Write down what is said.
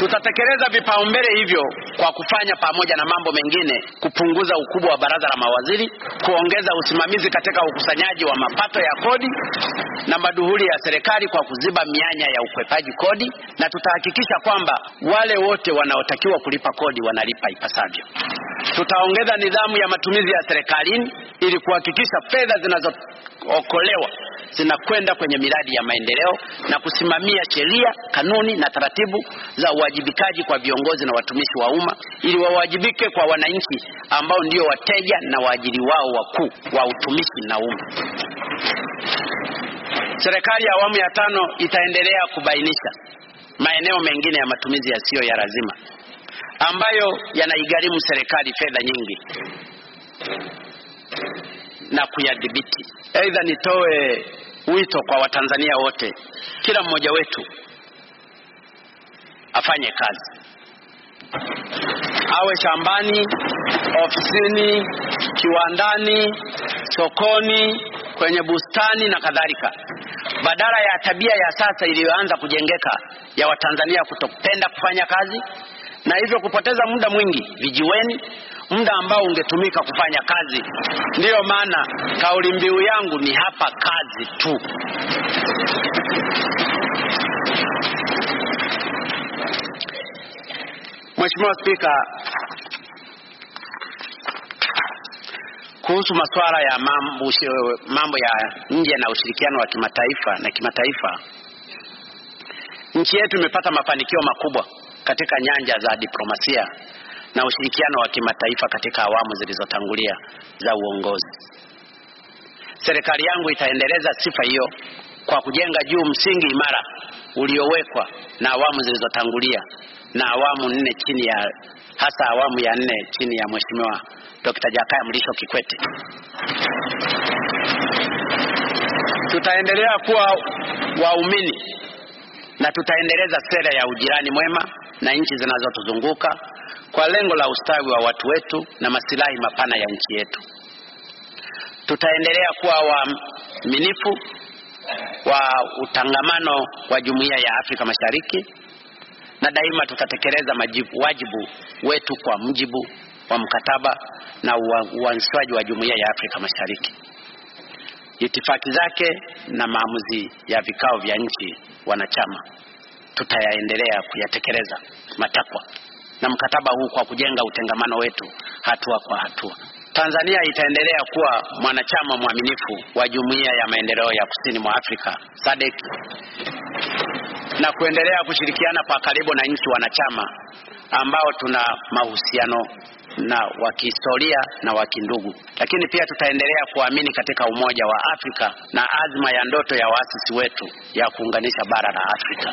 Tutatekeleza vipaumbele hivyo kwa kufanya pamoja na mambo mengine, kupunguza ukubwa wa baraza la mawaziri, kuongeza usimamizi katika ukusanyaji wa mapato ya kodi na maduhuli ya serikali kwa kuziba mianya ya ukwepaji kodi, na tutahakikisha kwamba wale wote wanaotakiwa kulipa kodi wanalipa ipasavyo. Tutaongeza nidhamu ya matumizi ya serikalini ili kuhakikisha fedha zinazookolewa zinakwenda kwenye miradi ya maendeleo na kusimamia sheria, kanuni na taratibu za uwajibikaji kwa viongozi na watumishi wa umma ili wawajibike kwa wananchi ambao ndio wateja na waajiri wao wakuu wa utumishi na umma. Serikali ya awamu ya tano itaendelea kubainisha maeneo mengine ya matumizi yasiyo ya lazima ambayo yanaigharimu serikali fedha nyingi na kuyadhibiti. Aidha, nitoe wito kwa Watanzania wote, kila mmoja wetu afanye kazi, awe shambani, ofisini, kiwandani, sokoni, kwenye bustani na kadhalika, badala ya tabia ya sasa iliyoanza kujengeka ya Watanzania kutopenda kufanya kazi na hivyo kupoteza muda mwingi vijiweni muda ambao ungetumika kufanya kazi. Ndiyo maana kauli mbiu yangu ni hapa kazi tu. Mheshimiwa Spika, kuhusu masuala ya mambo, mambo ya nje na ushirikiano wa kimataifa na kimataifa, nchi yetu imepata mafanikio makubwa katika nyanja za diplomasia na ushirikiano wa kimataifa katika awamu zilizotangulia za uongozi. Serikali yangu itaendeleza sifa hiyo kwa kujenga juu msingi imara uliowekwa na awamu zilizotangulia na awamu nne chini ya hasa awamu ya nne chini ya Mheshimiwa Dr. Jakaya Mrisho Kikwete. Tutaendelea kuwa waumini na tutaendeleza sera ya ujirani mwema na nchi zinazotuzunguka kwa lengo la ustawi wa watu wetu na masilahi mapana ya nchi yetu. Tutaendelea kuwa waaminifu wa utangamano wa Jumuiya ya Afrika Mashariki na daima tutatekeleza wajibu wetu kwa mujibu wa mkataba na uanzishwaji wa Jumuiya ya Afrika Mashariki, itifaki zake na maamuzi ya vikao vya nchi wanachama. Tutayaendelea kuyatekeleza matakwa na mkataba huu kwa kujenga utengamano wetu hatua kwa hatua. Tanzania itaendelea kuwa mwanachama mwaminifu wa Jumuiya ya Maendeleo ya Kusini mwa Afrika SADC na kuendelea kushirikiana kwa karibu na nchi wanachama ambao tuna mahusiano na wa kihistoria na wa kindugu, lakini pia tutaendelea kuamini katika umoja wa Afrika na azma ya ndoto ya waasisi wetu ya kuunganisha bara la Afrika.